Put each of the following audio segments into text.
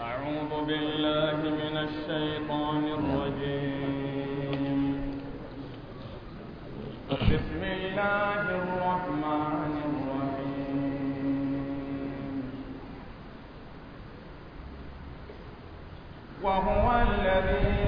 أعوذ بالله من الشيطان الرجيم بسم الله الرحمن الرحيم وهو الذي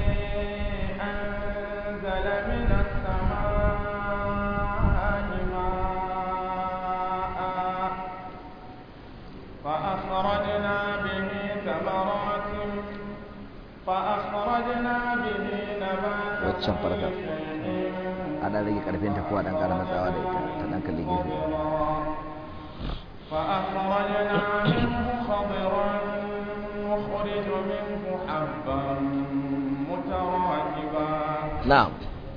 waccan farkar a rage ƙarfin ta kuwa ɗan ƙara matsawa da ita ta ɗan kalli gefe فأخرجنا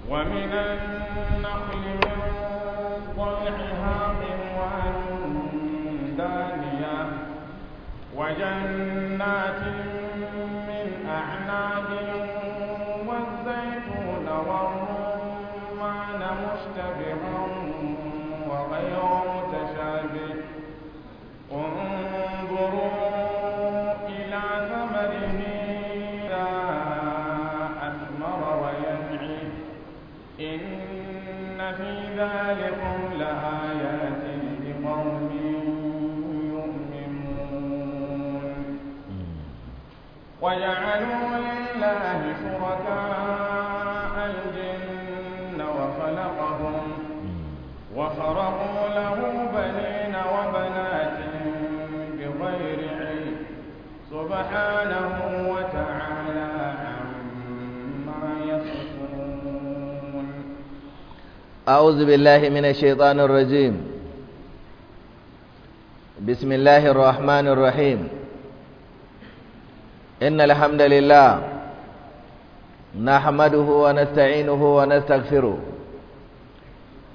ومن النخل من طلعها قنوان دانية وجنات متبع وغير متشابه انظروا إلى ثمره إذا أثمر وينعي إن في ذلكم لآيات لقوم يؤمنون وجعلوا لله شركاء فخرقوا له بنين وبنات بغير علم سبحانه وتعالى عما يصفون أعوذ بالله من الشيطان الرجيم بسم الله الرحمن الرحيم إن الحمد لله نحمده ونستعينه ونستغفره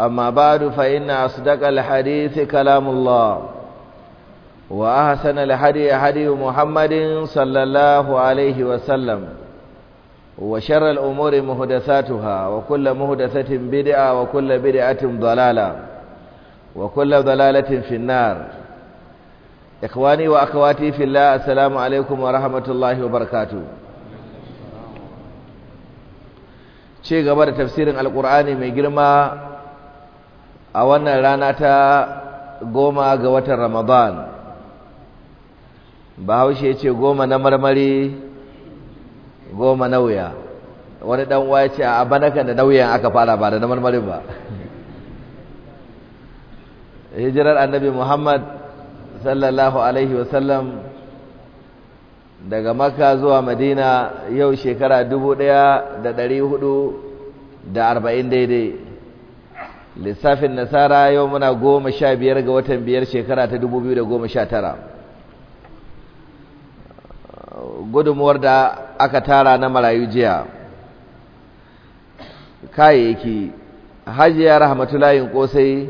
أما بعد فإن أصدق الحديث كلام الله وأحسن الحدي حدي محمد صلى الله عليه وسلم وشر الأمور مهدثاتها وكل مهدثة بدعة وكل بدعة ضلالة وكل ضلالة في النار إخواني وأخواتي في الله السلام عليكم ورحمة الله وبركاته شيء قبل تفسير القرآن من جرمه a wannan rana ta goma ga watan ramadan bahaushe ce goma na marmari goma na wuya wani dan uwa ya ce a banakan da nauyin aka fara ba da na marmarin ba hijirar annabi muhammad sallallahu alaihi wasallam daga makka zuwa madina yau shekara dubu ɗaya da ɗari hudu da arba'in daidai lissafin nasara yau muna goma sha biyar ga watan biyar shekara ta dubu biyu da goma sha tara gudunmuwar da aka tara na marayu jiya kayayyaki hajiya rahmatulayin kosai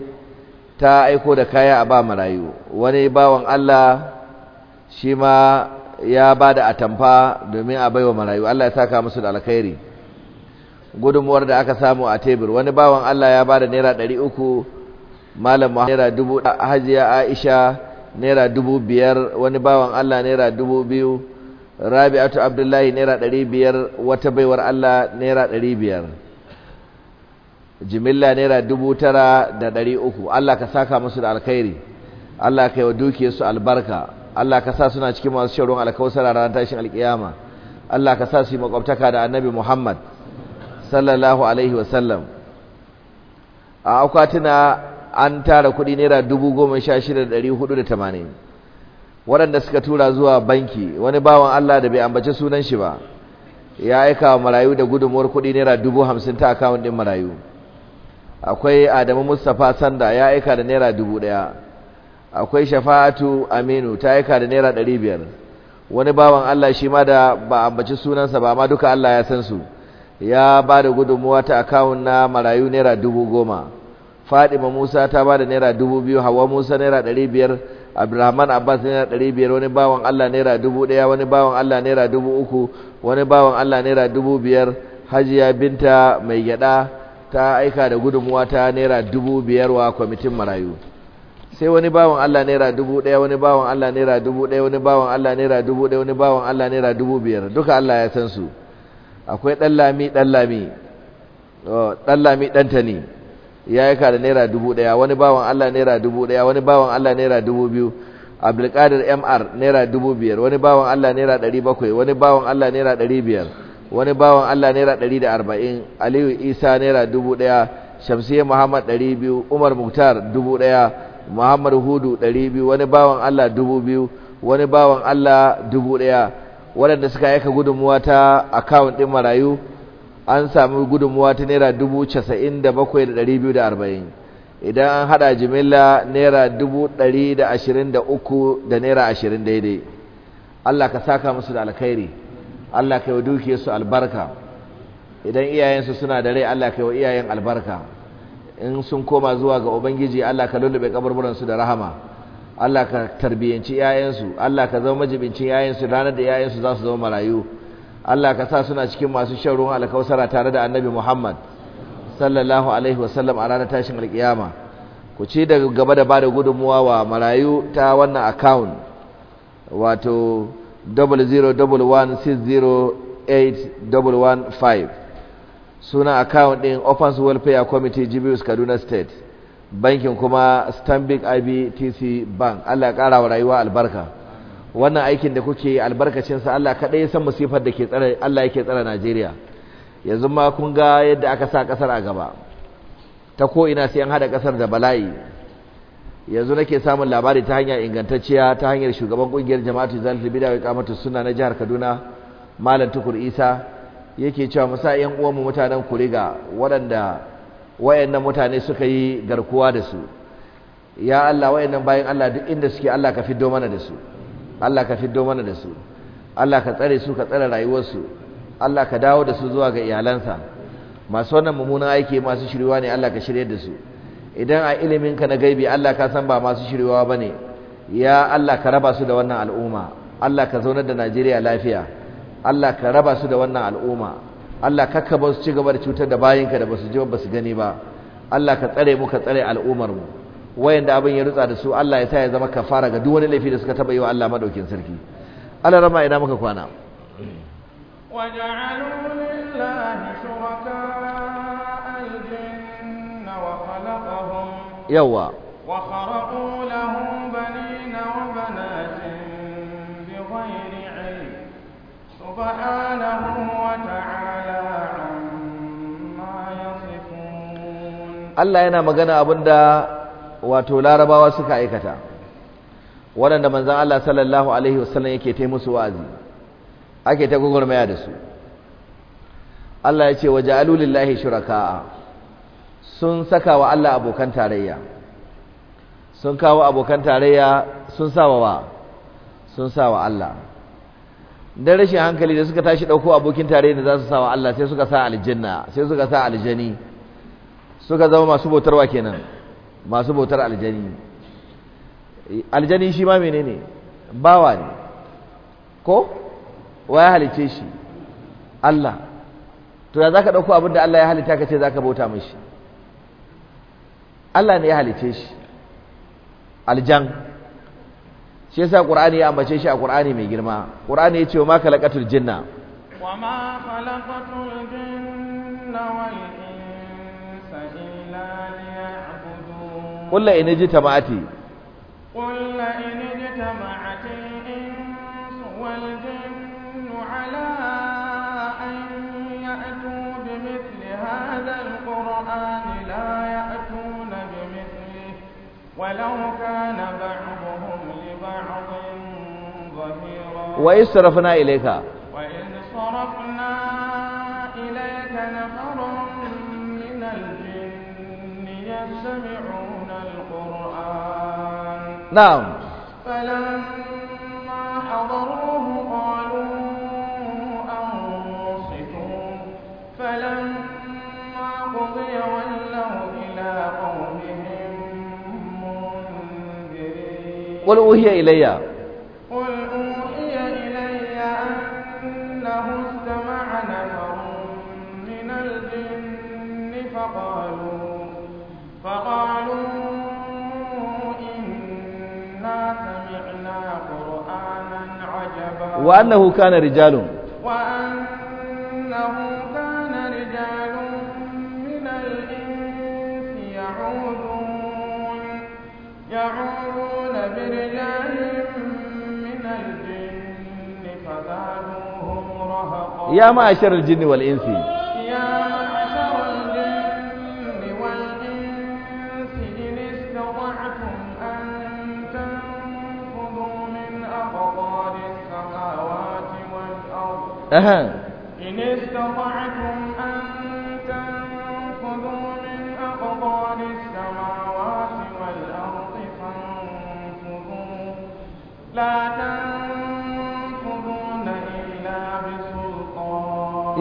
ta aiko da kaya a ba marayu wani bawan allah shi ma ya ba da atamfa domin a baiwa marayu allah ya saka musu da alkhairi gudunmuwar da aka samu a tebur wani bawan Allah ya bada naira ɗari uku malam naira dubu hajiya aisha naira dubu biyar wani bawan Allah naira dubu biyu rabi'atu abdullahi naira ɗari biyar wata baiwar Allah naira ɗari biyar jimilla naira dubu tara da ɗari uku Allah ka saka musu da alkhairi Allah ka yi wa su albarka Allah ka sa suna cikin masu shirin alkawusar ranar tashin alkiyama Allah ka sa su yi makwabtaka da annabi Muhammad sallallahu alaihi wasallam a akwatuna an tara kudi naira dubu goma sha shida da ɗari hudu da tamanin waɗanda suka tura zuwa banki wani bawan Allah da bai ambaci sunan shi ba ya aika wa marayu da gudunmuwar kudi naira dubu hamsin ta akawun ɗin marayu akwai Adamu Mustapha Sanda ya aika da naira dubu ɗaya akwai Shafa'atu Aminu ta aika da naira ɗari biyar wani bawan Allah shi ma da ba ambaci sunansa ba amma duka Allah ya san su ya ba da gudunmuwa ta akawun na marayu naira dubu goma fadima musa ta ba da naira dubu biyu hawa musa naira ɗari biyar abdulrahman abbas naira ɗari biyar wani bawan allah naira dubu ɗaya wani bawan allah naira dubu uku wani bawan allah naira dubu biyar hajiya binta mai gyaɗa ta aika da gudunmuwa ta naira dubu biyar wa kwamitin marayu sai wani bawan allah naira dubu ɗaya wani bawan allah naira dubu ɗaya wani bawan allah naira dubu ɗaya wani bawan allah naira dubu biyar duka allah ya san su akwai ɗallami ɗallami oh, ɗallami ɗanta ne ya yi ka da naira dubu ɗaya wani bawan Allah naira dubu ɗaya wani bawan Allah naira dubu biyu abdulkadir mr naira dubu biyar wani bawan Allah naira ɗari bakwai wani bawan Allah naira ɗari biyar wani bawan Allah naira ɗari da arba'in aliyu isa naira dubu ɗaya shamsiyya muhammad ɗari biyu umar muktar dubu ɗaya muhammad hudu ɗari biyu wani bawan Allah dubu biyu wani bawan Allah dubu ɗaya waɗanda suka aika gudunmuwa ta akawun ɗin marayu an sami gudunmuwa ta naira dubu casa'in da bakwai da ɗari biyu da arba'in idan an haɗa jimilla naira dubu ɗari da ashirin da uku da naira ashirin daidai allah ka saka musu da alkhairi allah ka yi wa su albarka idan iyayensu suna da rai allah ka yi wa iyayen albarka in sun koma zuwa ga ubangiji allah ka lullube kaburburansu da rahama Allah ka tarbiyyanci yayansu Allah ka zama majibincin yayansu ranar da yayansu za su zama marayu Allah ka sa suna cikin masu shan ruwan alkausara tare da annabi Muhammad sallallahu alaihi wasallam a ranar tashin alkiyama ku ci daga gaba da bada gudunmuwa wa marayu ta wannan account wato 0016081115 suna account ɗin Open Welfare Committee Jibius Kaduna State bankin kuma stanbic ibtc bank allah kara wa rayuwa albarka wannan aikin da kuke albarkacinsa allah kaɗai ya san musifar da ke tsara allah yake tsara najeriya yanzu ma kun ga yadda aka sa kasar a gaba ta ko ina sai an haɗa ƙasar da bala'i yanzu nake samun labari ta hanyar ingantacciya ta hanyar shugaban ƙungiyar jama'atu zan bid'a wa iqamatu sunna na jihar kaduna malam tukur isa yake cewa musa yan uwan mu mutanen kuriga waɗanda wayannan mutane suka yi garkuwa da su ya Allah wayannan bayan Allah duk inda suke Allah ka fiddo mana da su Allah ka fiddo mana da su Allah ka tsare su ka tsare rayuwarsu Allah ka dawo da su zuwa ga iyalansa masu wannan mummunan aiki masu shiriwa ne Allah ka shirye da su idan a ilimin ka na gaibi Allah ka san ba masu shiriwa bane ya Allah ka raba su da wannan al'umma Allah ka zaunar da Najeriya lafiya Allah ka raba su da wannan al'umma Allah kakka ba su ci gaba da cutar da bayinka da basu ji ba su gani ba Allah ka tsare mu ka tsare al'ummar mu wayanda abin ya rutsa da su Allah ya sa ya zama kafara ga duk wani laifi da suka taba yi wa Allah madaukin sarki Allah rama ina muka kwana وجعلوا لله شركاء الجن وخلقهم يوا وخرقوا له بنين وبنات سبحانه وتعالى عما يصفون الله yana magana abinda wato larabawa suka aikata waɗanda manzon Allah sallallahu alaihi wasallam yake ta musu wa'azi ake ta gugurmaya da su Allah ya ce wa ja'alu lillahi shuraka'a sun saka wa Allah abokan tarayya sun kawo abokan tarayya sun sawa wa sun sa wa Allah da rashin hankali da suka tashi ɗauko abokin tare da za su sa wa Allah sai suka sa aljanna sai suka sa aljani suka zama masu bautarwa kenan masu bautar aljani aljani shi ma menene bawa ne ko wa ya halice shi Allah to ya zaka ɗauko abin da Allah ya halitta ka ce zaka bauta mishi Allah ne ya halice shi aljan shi yasa qur'ani ya ambace shi a qur'ani mai girma qur'ani yace ma khalaqatul jinna wa ma khalaqatul jinna wal insa illa liya'budun qul la in jitama'ati qul la in jitama'ati insu wal jinnu ala an ya'tu bimithli hadha al-qur'ani la ya'tu ولو كان بعضهم لبعض ظهيرا وإن صرفنا إليك صرفنا إليك نفر من الجن يستمعون القرآن نعم فلما قل أوحي إلي قل أوحي إلي أنه استمع نفر من الجن فقالوا فقالوا إنا سمعنا قرآنا عجبا وأنه كان رجال وأنه كان رجال من الإنس يعودون يعودون ya ma'ashar aljin wal insi ya ma'ashar aljin wal insi in istata'tum an tanfudu min aqdari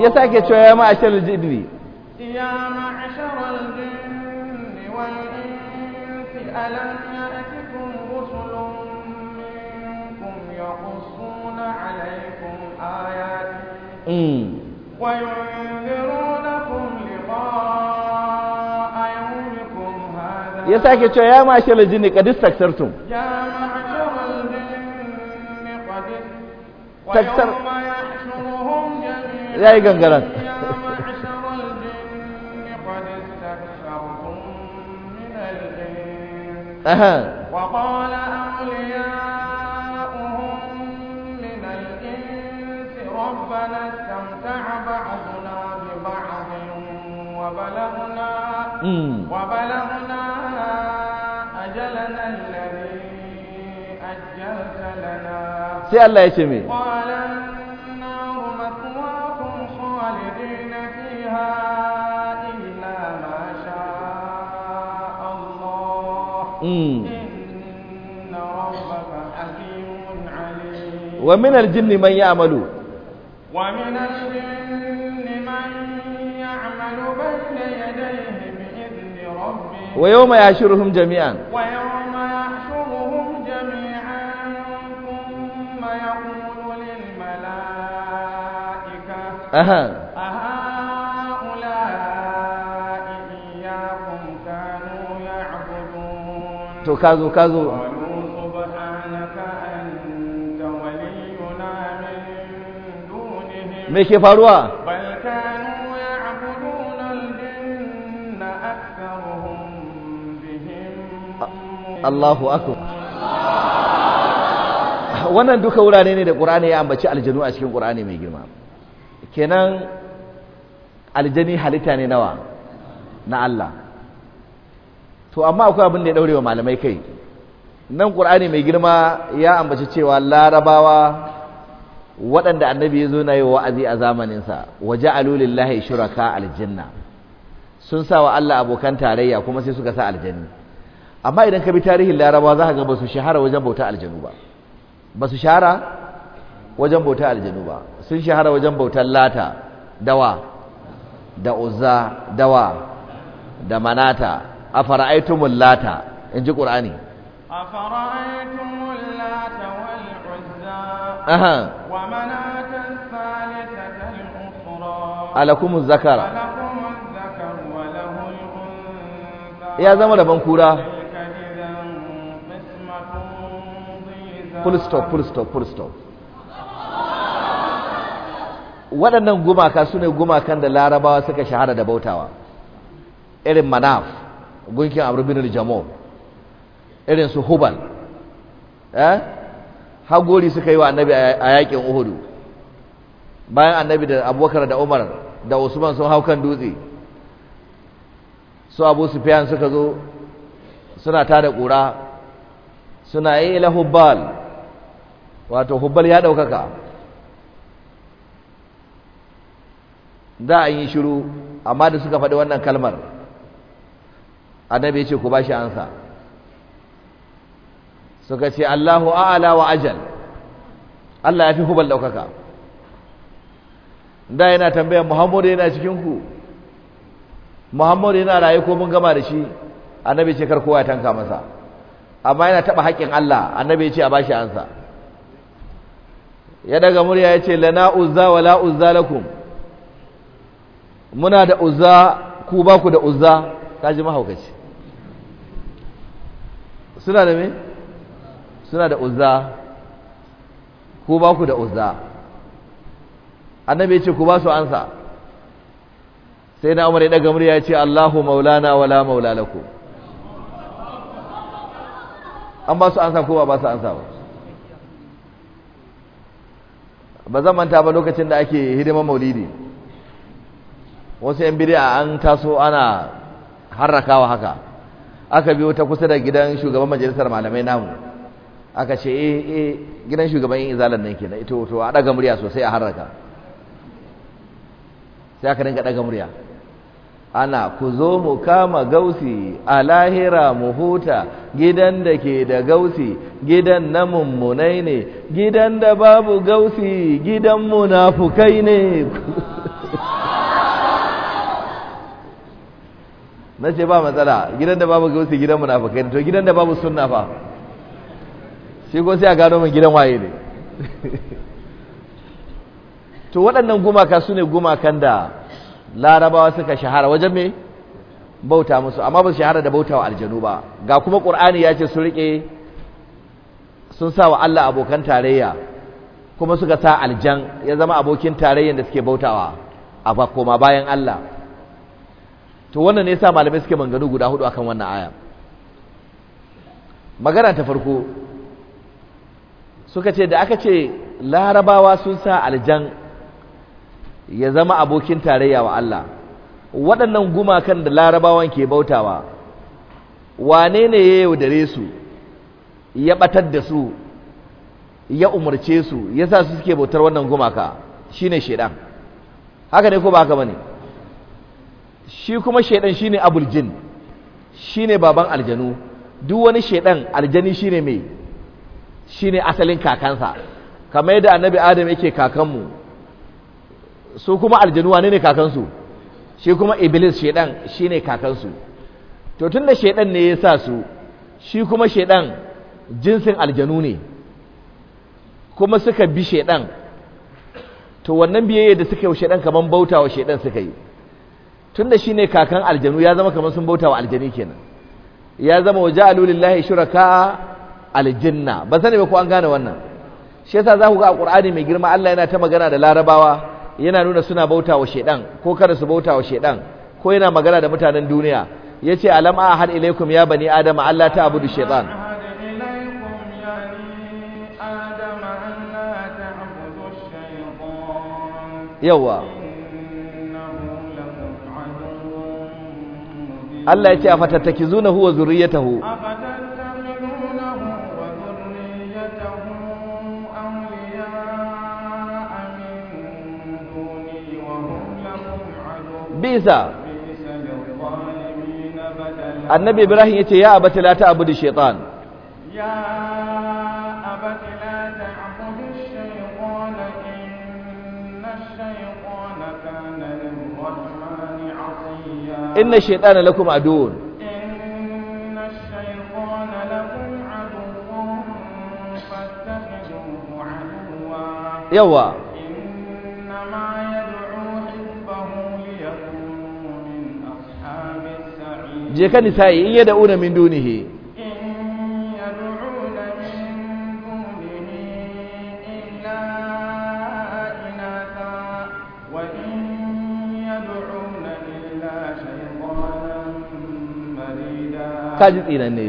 يساكي شو يا معشر الجن يا معشر الجن والإنس ألم يأتكم رسل منكم يقصون عليكم آيات وينذرونكم لقاء يومكم هذا يساكي شو يا معشر الجن قد استكثرتم يا معشر الجن قد استكثرتم يا اي قنقرات أها وقال أولياؤهم من الإنس ربنا استمتع بعضنا ببعض وبلغنا وبلغنا أجلنا الذي أجلت لنا سي الله يشمي قال ومن الجن من يعمل ومن الجن من يعمل بين يديه بإذن ربه ويوم يحشرهم جميعا ويوم يحشرهم جميعا ثم يقول للملائكة أها أهؤلاء إياكم كانوا يعبدون تو كازو كازو me ke faruwa Allahu akbar wannan duka wurare ne da Qur'ani ya ambaci aljanu a cikin Qur'ani mai girma kenan aljani halitta ne nawa na Allah to amma akwai abin da ya daure wa malamai kai nan Qur'ani mai girma ya ambaci cewa larabawa waɗanda annabi ya zo na yi wa'azi a zamaninsa waje alulillahi shuraka aljanna sun sa wa Allah abokan tarayya kuma sai suka sa aljanni amma idan ka bi tarihin laraba za ka ga ba su shahara wajen bauta aljanu ba ba su shahara wajen bauta aljanu ba sun shahara wajen bautar lata dawa da uzza dawa da manata a lata in ji ƙur'ani أها ومناة الثالثة الأخرى ألكم full stop full stop full stop waɗannan gumaka su ne gumakan da larabawa suka shahara da bautawa irin manaf gunkin abu jamo irin su hubal eh? hagori suka yi wa annabi a yakin uhudu bayan annabi da abubakar da umar da usman sun hau kan dutse su abu sufiyan suka zo suna da ƙura suna yi ila hubbal wato hubbal ya ɗaukaka za a yi shiru amma da suka faɗi wannan kalmar annabi ya ce ku ba shi ansa suka ce Allahu a'ala wa ajal Allah ya fi hubal daukaka da yana tambayar Muhammadu yana cikin ku Muhammadu yana raye ko mun gama da shi annabi ce kar kowa ya tanka masa amma yana taba haƙƙin Allah annabi ya ce a bashi ansa ya daga murya ya ce lana uzza wa la uzza lakum muna da uzza ku ba ku da uzza kaji mahaukaci suna da me suna da uzza ko ba ku da uzza annabi ya ce ku ba su ansa sai na umar ya daga murya ya ce Allahu maulana wala maula lakum an ba su ansa ko ba ba su ansa ba ba zan manta ba lokacin da ake hidiman maulidi wasu yan bid'a an taso ana harrakawa haka aka biyo ta kusa da gidan shugaban majalisar malamai namu aka ce eh eh gidan shugaban yin nan kenan ito to a daga murya sosai a harraka sai aka dinga daga murya ana ku zo mu kama gausi a lahira mu huta gidan da ke da gausi gidan na mummunai ne gidan da babu gausi gidan munafukai ne na ce ba matsala gidan da babu gausi gidan munafukai ne to gidan da babu sunna fa shi ko sai a gano min gidan waye ne to waɗannan gumaka su ne gumakan da larabawa suka shahara wajen me bauta musu amma ba su shahara da bauta wa aljanu ba ga kuma ƙur'ani ya ce su riƙe sun sa wa Allah abokan tarayya kuma suka sa aljan ya zama abokin tarayyan da suke bautawa a koma bayan Allah to wannan ne sa malamai suke manganu guda hudu akan wannan aya magana ta farko suka ce da aka ce larabawa sun sa aljan ya zama abokin tarayya wa Allah waɗannan gumakan da larabawan ke bautawa wane ne ya yaudare su ya ɓatar da su ya umarce su ya sa su suke bautar wannan gumaka shine shaidan haka ne ko ba haka ba ne shi kuma shaidan shi ne abul jin ne baban aljanu duk wani shaidan aljani ne mai Shi ne asalin kakansa kamar yadda annabi adam yake kakanmu su kuma aljanu wane ne kakansu shi kuma iblis shedan ne kakansu to tun da shedan ne ya sa su shi kuma shedan jinsin aljanu ne kuma suka bi shedan to wannan biyayya da suka yi shedan kaman bauta wa shedan suka yi tun da shi ne kakan aljanu ya zama kaman sun bauta wa aljani kenan ya zama wa ja'alu lillahi kaa. aljinna ba sani ba ko an gane wannan shi yasa za ku ga a ƙur'ani mai girma Allah yana ta magana da Larabawa yana nuna suna bauta wa ko kada su bauta wa ko yana magana da mutanen duniya yace alam ahad ilaikum ya bani adama Allah ta abudu shaidan yawa Allah ya ce a fatattaki afatattakizuna huwa zuriyatahu a بئس النبي إبراهيم يتي يا أبت لا تعبد الشيطان يا أبت لا تعبد الشيطان إن الشيطان كان للرحمن عصيا إن الشيطان لكم عدو إن الشيطان لكم عدو فاتخذوه عدوا يوه je ka nisa'i in yad'una min dunihi kaji tsinan ne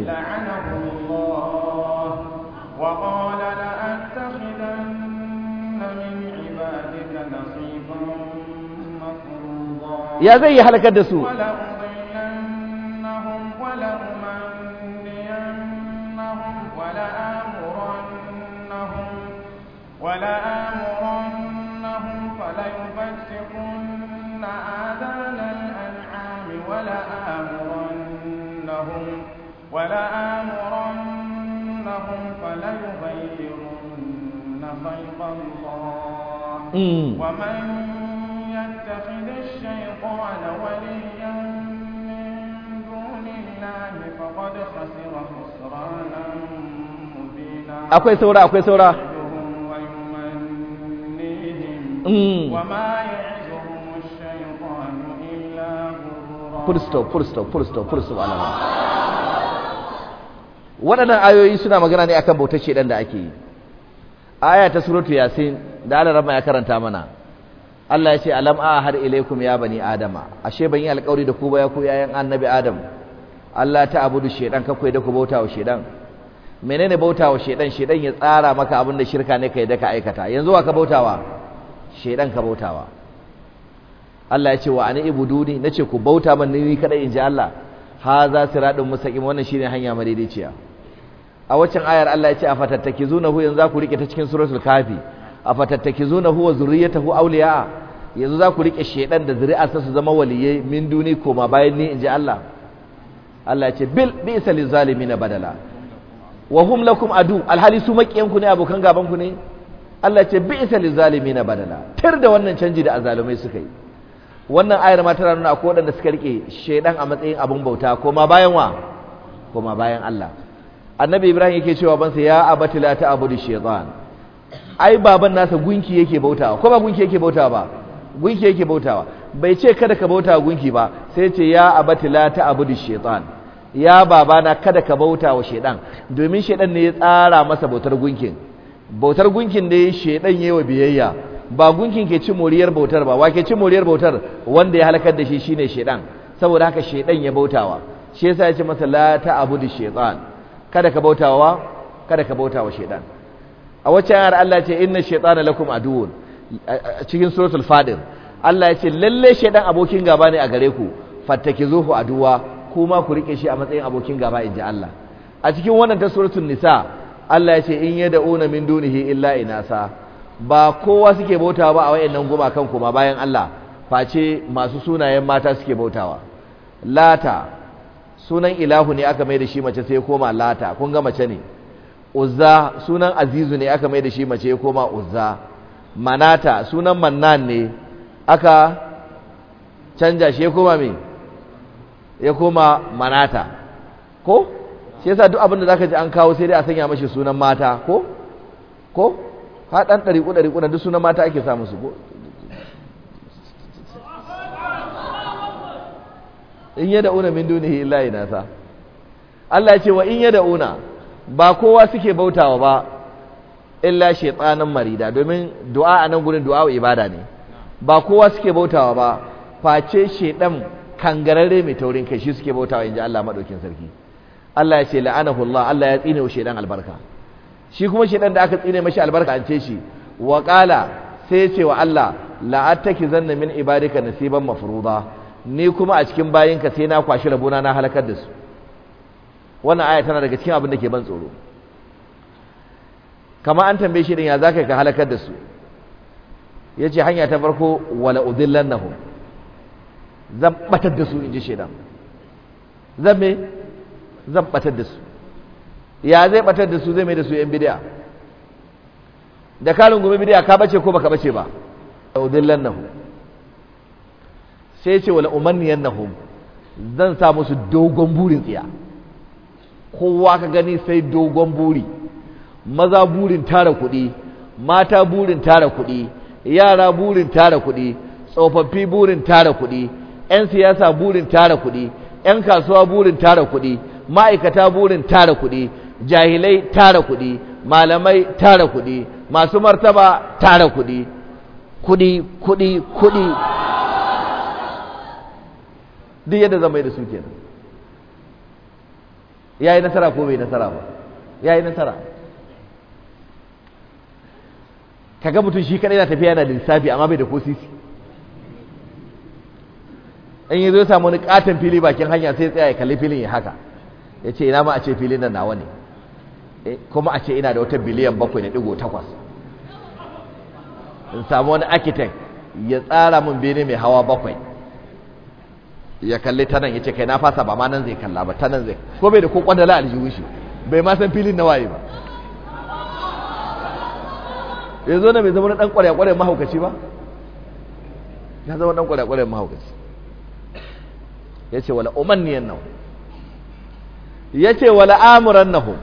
ya zai yi halakar da su akwai saura akwai saura mm. furstop furstop furstop furstop waɗannan ayoyi suna magana ne akan bautar shedan da ake yi aya ta suratu yasin da Allah ya karanta mana Allah ya ce alam a har ilaikum ya bani adama ashe ban yi alƙawari da ku ba ya ku yayan annabi adam Allah ta abudu shedan kakwai da ku bauta wa shedan menene bautawa shedan shedan ya tsara maka abin da shirka ne kai da ka aikata yanzu wa ka bautawa shedan ka bautawa Allah ya ce wa ani ibuduni nace ku bauta man ni kada in ji Allah Ha za siradun mustaqim wannan shine hanya madaidaiciya a waccan ayar Allah ya ce afattattakizunahu yanzu za ku rike ta cikin suratul kafi afattattakizunahu wa zurriyatahu awliya yanzu za ku rike shedan da zuri'arsa su zama waliyai min duni koma bayan ni in ji Allah Allah ya ce bil bi'sa lizalimin badala wa hum lakum adu alhali su ku ne abokan gaban ku ne Allah ce bi'sa na badala tar da wannan canji da azalumai suka yi wannan ayar ma tana nuna akwai wanda suka rike shaidan a matsayin abun bauta ma bayan wa koma bayan Allah annabi ibrahim yake cewa bansa ya abati la ta'budu shaytan ai baban nasa gunki yake bautawa ko ba gunki yake bautawa ba gunki yake bautawa bai ce kada ka bauta gunki ba sai ce ya abati la ta'budu shaytan ya babana kada ka bauta wa shedan domin shedan ne ya tsara masa bautar gunkin bautar gunkin ne ya yayi wa biyayya ba gunkin ke ci moriyar bautar ba wa ke ci moriyar bautar wanda ya halakar da shi shine shedan saboda haka shedan ya bautawa shi yasa ya ce masa la ta'budu shaytan kada ka bautawa kada ka bautawa shedan a wacce ayar Allah ce inna shaytana lakum aduwwun cikin suratul fadil Allah ya ce lalle shedan abokin gaba ne a gare ku fattakizuhu aduwa kuma ku rike shi a matsayin abokin gaba in ji Allah a cikin wannan ta suratul nisa Allah ya ce in yad'una min dunihi illa inasa ba kowa suke bautawa ba a wayannan gumakan kuma bayan Allah face masu sunayen mata suke bautawa lata sunan ilahu ne aka mai da shi mace sai koma lata kun ga mace ne uzza sunan azizu ne aka mai da shi mace ya koma uzza manata sunan mannan ne aka canja shi ya koma mai. ya koma manata ko shi yasa duk abin da zaka ji an kawo sai dai a sanya mashi sunan mata ko ko ha dan dari ku dari ku duk sunan mata ake sa musu ko in yada una min dunihi illa inasa Allah ya ce wa in yada una ba kowa suke bautawa ba illa shaytanan marida domin du'a a nan gurin du'a ibada ne ba kowa suke bautawa ba face shedan kangararre mai taurin kai shi suke bautawa inji Allah madaukin sarki Allah ya ce la'anahu Allah Allah ya tsine wa shedan albarka shi kuma shedan da aka tsine mashi albarka an ce shi wa qala sai ya ce wa Allah la'attakizanna min ibadika nasiban mafruda ni kuma a cikin bayinka sai na kwashi rabona na halakar da su wannan aya tana daga cikin abin da ke ban tsoro kama an tambaye shi din ya zaka ka halakar da su yace hanya ta farko wala udillannahum zan batar da su in ji shaidan zan me zan batar da su ya zai batar da su zai mai da su yan bidiya da kalin gobe bidiya ka bace ko baka bace ba udillan nahu sai ce wala umanniyan nahu zan sa musu dogon burin tsiya kowa ka gani sai dogon buri maza burin tara kuɗi mata burin tara kuɗi yara burin tara kuɗi tsofaffi burin tara kuɗi 'yan siyasa burin tara kuɗi 'yan kasuwa burin tara kuɗi ma'aikata burin tara kuɗi jahilai tara kuɗi malamai tara kuɗi masu martaba tara kuɗi kuɗi kuɗi kuɗi duk yadda zama da su nan. ya yi nasara ko bai nasara ba ya yi nasara kaga mutum shi kaɗai na tafiya yana da lissafi amma bai da ko sisi in yi zo samu wani katon fili bakin hanya sai tsaya ya kalli filin ya haka ya ce ina ma a ce filin nan nawa ne eh, kuma a ce ina da wata biliyan bakwai da digo takwas in samu wani architect ya tsara min bene mai hawa bakwai ya kalli ta nan ya ce kai na fasa ba ma nan zai kalla ba ta nan zai ko bai da ko kwandala aljihu shi bai ma san filin na waye ba ya zo na bai zama na dan kwarya-kwarya mahaukaci ba ya zama dan kwarya-kwarya mahaukaci yace wala umanniyannahum yace wala amurannahum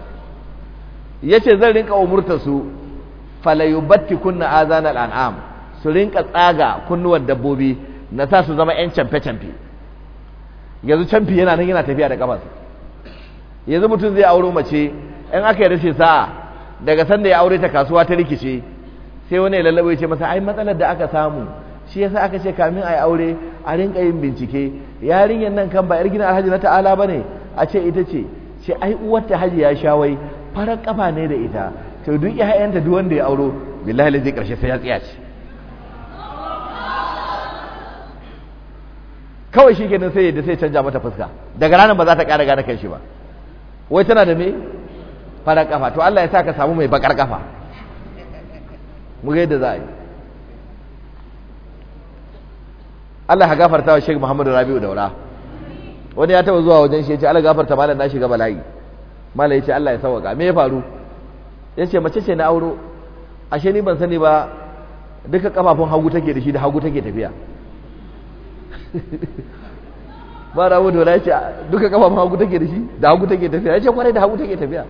yace zan rinka umurta su falayubatti kunna azan al'an'am su rinka tsaga kunnuwan dabbobi na sa su zama 'yan camfe-camfe yanzu camfi yana nan yana tafiya da kafarsa yanzu mutum zai auro mace in aka yi rashin sa'a daga sanda ya aure ta kasuwa ta rikice sai wani ya lallaɓa ya ce masa ai matsalar da aka samu shi yasa aka ce kamin a yi aure a rinka yin bincike yarinyar nan kan ba yar gidan alhaji na ta'ala ba ne a ce ita ce ce ai uwarta haji ya sha wai farar kafa ne da ita to duk ƴaƴanta duk wanda ya auro billahi lazi karshe sai ya tsaya ce kawai shi kenan sai yadda sai canja mata fuska daga ranar ba za ta ƙara gane kanshi ba wai tana da me farar kafa to Allah ya sa ka samu mai bakar kafa mu ga yadda za a yi Allah ka gafarta wa Sheikh Muhammadu Rabi'u Daura wani ya taba zuwa wajen shi ya ce Allah gafarta malam na shiga bala'i malam ya ce Allah ya sauka me ya faru ya ce mace ce na auro ashe ni ban sani ba duka kafafun hagu take da shi da hagu take tafiya ba rabu da ya ce duka kafafun hagu take da shi da hagu take tafiya ya ce kwarai da hagu take tafiya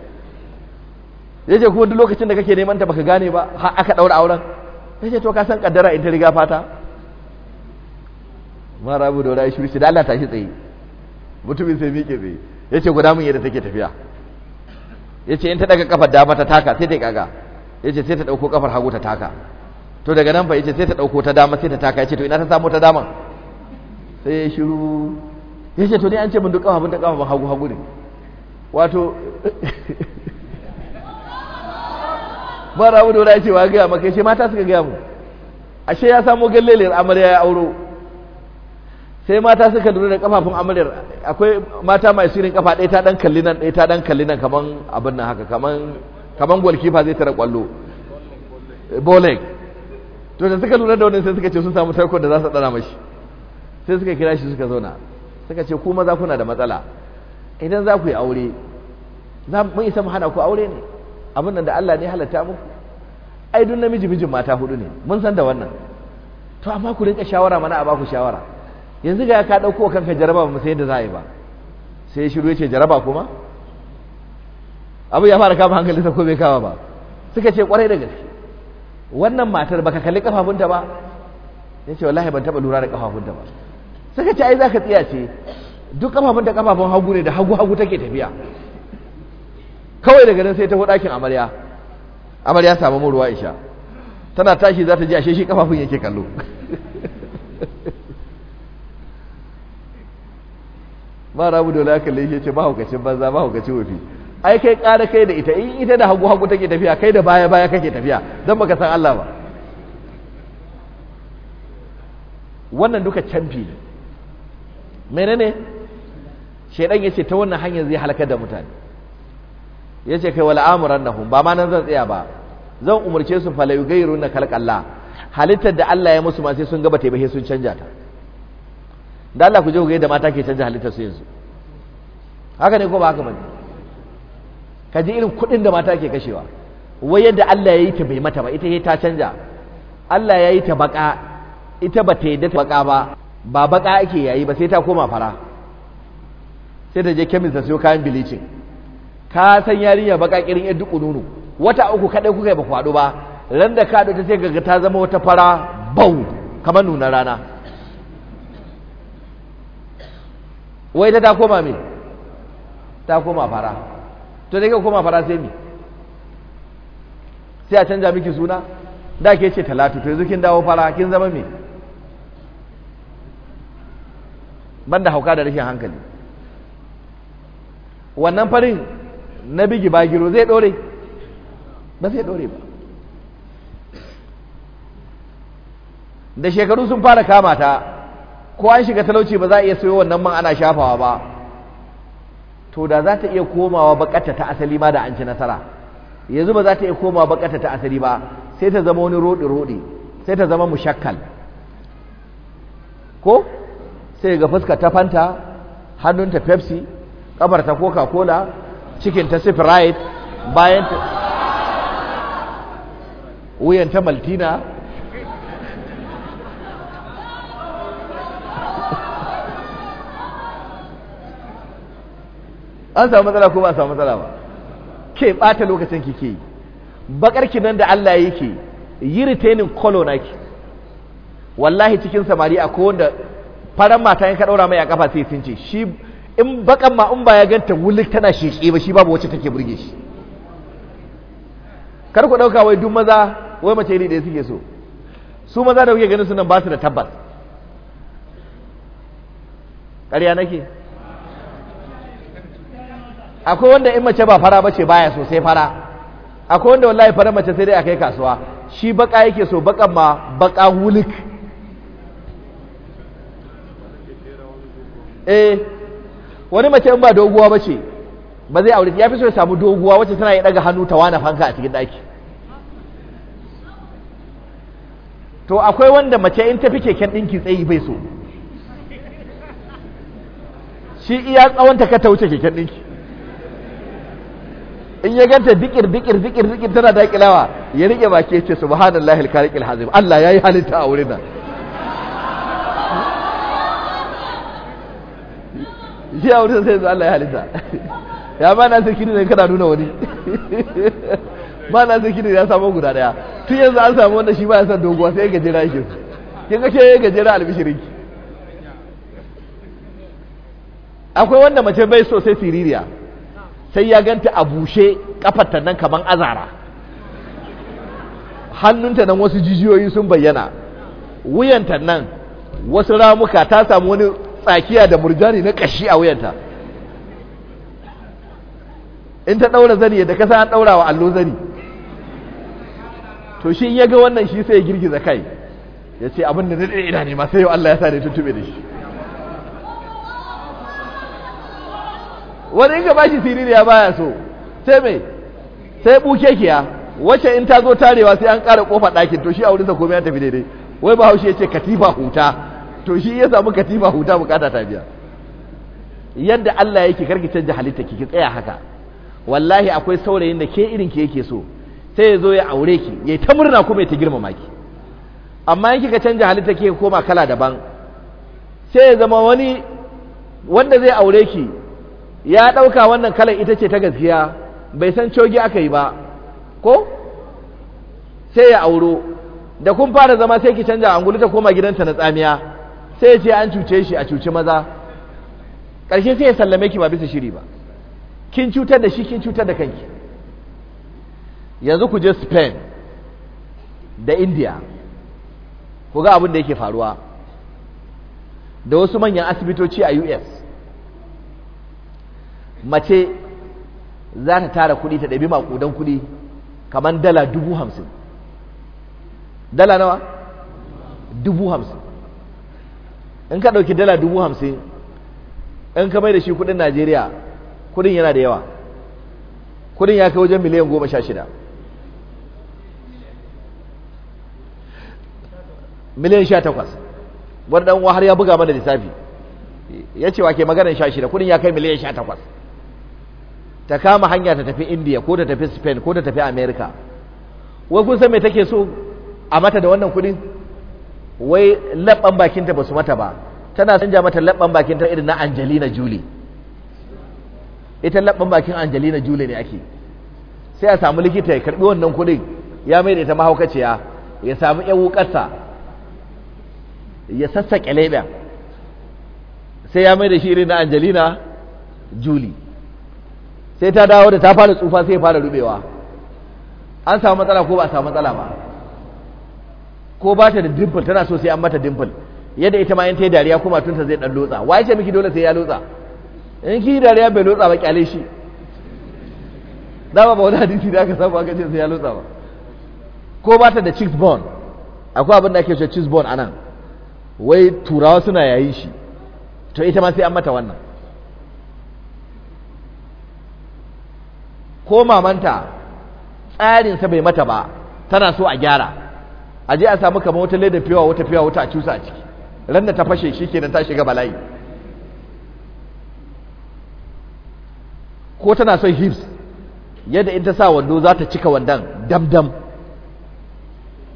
ya ce kuma duk lokacin da kake neman ta baka gane ba aka daura auren ya ce to ka san kaddara in ta riga fata mara abu da Wani shi shi da Allah tashi tsaye mutumin sai miƙe tsaye yace guda mun yadda take tafiya yace in ta daga kafar dama ta taka sai ta kaga yace sai ta ɗauko kafar hagu ta taka to daga nan fa yace sai ta ɗauko ta dama sai ta taka yace to ina ta samu ta dama sai ya shiru yace to ne an ce bindu duk kafafun ta kafafun hagu hagu ne wato mara abu da wani yace wa gaya maka ce mata suka gaya mu ashe ya samu galleliyar amarya ya auro sai mata suka lura da kafafun amaryar akwai mata mai sirin kafa ɗaya ta ɗan kalli nan ɗaya ta ɗan kalli nan kaman abin nan haka kaman kaman goalkeeper zai tara kwallo bowling to da suka lura da wani sai suka ce sun samu tarko da za su ɗana mashi sai suka kira shi suka zauna suka ce ku maza kuna da matsala idan za ku yi aure za mu isa mu hana ku aure ne abin nan da Allah ne halatta muku ai duk namiji mijin mata hudu ne mun san da wannan to amma ku rinka shawara mana a ba ku shawara yanzu ga ka ɗauko kanka jaraba ba sai yadda za a yi ba sai shiru ya ce jaraba kuma abu ya fara kama hankali ta ko bai kama ba suka ce kwarai da gaske wannan matar baka kalli kafafunta ba ya ce wallahi ban taɓa lura da kafafunta ba suka ce ai za ka tsiya ce duk kafafunta kafafun hagu ne da hagu hagu take tafiya kawai daga nan sai ta ɗakin amarya amarya samu ruwa isha tana tashi za ta ji ashe shi kafafun yake kallo ba rabu da laka lai shi ce ba hukacin banza ba hukacin wafi ai kai ƙara kai da ita in ita da hagu hagu take tafiya kai da baya baya kake tafiya dan baka san Allah ba wannan duka canfi ne menene shedan yace ta wannan hanyar zai halaka da mutane yace kai wala amrannahum ba ma nan zan tsaya ba zan umurce su fala yugayruna khalqallah halittar da Allah ya musu ma sai sun gaba ta sai sun canja ta da Allah ku je ku ga yadda mata ke canza halitta su yanzu haka ne ko ba haka bane ka ji irin kuɗin da mata ke kashewa wai yadda Allah ya yi ta bai mata ba ita ta canja Allah ya yi ta baka ita ba ta yadda ta baka ba ba baka ake yayi ba sai ta koma fara sai ta je kemis ta siyo kayan bilicin ka san yarinya baka kirin yadda kununu wata uku kadai kuka yi ba kwado ba ran da ka ta sai ga ta zama wata fara bau kamar nuna rana wai ta ta koma me ta koma fara to da koma fara sai me sai a canja miki suna da ke ce talatu to yanzu kin dawo fara kin zama me banda hauka da rashin hankali wannan farin na bigi bagiro zai dore ba zai dore ba da shekaru sun fara kama ta ko an shiga talauci ba za a iya sayo wannan man ana shafawa ba to da za ta iya komawa bakata ta asali ma da an ci nasara yanzu ba za ta iya komawa bakata ta asali ba sai ta zama wani rodi rodi sai ta zama mushakkal ko sai ga fuska ta fanta hannunta pepsi kabar ta coca cola cikin ta sprite bayan ta wuyan ta maltina an samu matsala ko ba a samu matsala ba ke bata lokacin ki ke bakar ki nan da Allah yake yi retaining na ki wallahi cikin samari a wanda faran mata yin ka daura mai a kafa sai sun ce shi in bakan ma in ba ya ganta wulik tana sheke ba shi babu wacce take burge shi kar ku ɗauka wai duk maza wai mace ne da suke so su maza da kuke ganin sunan ba su da tabbas ƙarya nake akwai wanda in mace ba fara bace baya so sai fara akwai wanda wallahi fara mace sai dai akai kasuwa shi baka yake so bakan ma baka wulik eh wani mace in ba doguwa bace ba zai aure ya fi so ya samu doguwa wacce tana yi daga hannu ta wani fanka a cikin daki to akwai wanda mace in tafi keken dinki tsayi bai so shi iya tsawon ta ka ta wuce keken dinki. in ya ganta dikir dikir dikir dikir tana kilawa ya rike baki yace subhanallahi alkalikil hazim Allah yayi halitta a wurin nan shi wurin sai Allah ya halitta ya ba na sarki ne kada nuna wani ba na sarki ya samu guda daya tun yanzu an samu wanda shi ba ya san doguwa sai ya gajera yake kin ga ke gajera albishirinki akwai wanda mace bai so sai siririya sai ya ganta a bushe kafarta nan kaman azara hannunta nan wasu jijiyoyi sun bayyana wuyanta nan wasu ramuka ta samu wani tsakiya da murjani na kashi a wuyanta in ta daura zani yadda kasa an daura wa allo zani to shi in ya ga wannan shi sai ya girgiza kai ya ce abin da daɗe ina ne ma sai yau Allah ya sa ne tuntube da shi wani in ka bashi siririya baya so sai mai sai buke kiya wacce in ta zo tarewa sai an ƙara ƙofa ɗakin to shi a wurinsa komai ya tafi daidai wai bahaushe ya ce katifa huta to shi ya samu katifa huta bukata ta biya yadda Allah yake karki canja halitta ki tsaya haka wallahi akwai saurayin da ke irin ki yake so sai ya zo ya aure ki yayi ta murna kuma ya ta girmama ki amma in kika canja halitta ki koma kala daban sai ya zama wani wanda zai aure ki ya ɗauka wannan kalan ita ce ta gaskiya bai san cogi aka yi ba ko sai ya auro da kun fara zama sai ki canja angulu ta koma gidanta na tsamiya sai ya ce an cuce shi a cuci maza ƙarshe sai ya sallame ki ba bisa shiri ba kin cutar da shi kin cutar da kanki yanzu ku je spain da india ku ga abin da yake faruwa da wasu manyan asibitoci a us mace za ta tara kuɗi ta ɗabi maƙudan kuɗi kamar dala dubu hamsin dala nawa dubu hamsin in ka ɗauki dala dubu hamsin in ka mai da shi kuɗin najeriya kuɗin yana da yawa kuɗin ya kai wajen miliyan goma sha shida miliyan sha takwas wadda ɗan har ya buga mana lissafi ya ce wa ke maganin sha shida kuɗin ya kai miliyan sha takwas ta kama hanya ta tafi India ko ta tafi Spain ko ta tafi America wai kun san me take so a mata da wannan kudin wai labban bakinta ba su mata ba tana canja mata labban bakinta irin na Angelina Jolie ita labban bakin Angelina Jolie ne ake sai a samu likita ya karbi wannan kudin ya mai da ita mahaukaciya ya samu yan wukarsa ya sassaƙe leɓen sai ya mai da shi irin na Angelina Jolie sai ta dawo da ta fara tsufa sai fara rubewa an samu matsala ko ba a samu matsala ba ko ba ta da dimple tana so sai an mata dimple yadda ita ma in ta yi dariya kuma tun ta zai dan lotsa wa ce miki dole sai ya lotsa in ki dariya bai lotsa ba kyale shi dama ba wani hadisi da aka samu aka ce sai ya lotsa ba ko ba ta da cheekbone akwai abin da ake cewa cheekbone anan wai turawa suna yayi shi to ita ma sai an mata wannan ko mamanta tsarinsa bai mata ba tana so a gyara a je a samu kamar wata leda fiyawa wata fiyawa wata a cusa a ciki ran da ta fashe shi kenan ta shiga bala'i ko tana son hips yadda in ta sa wando za ta cika wandon damdam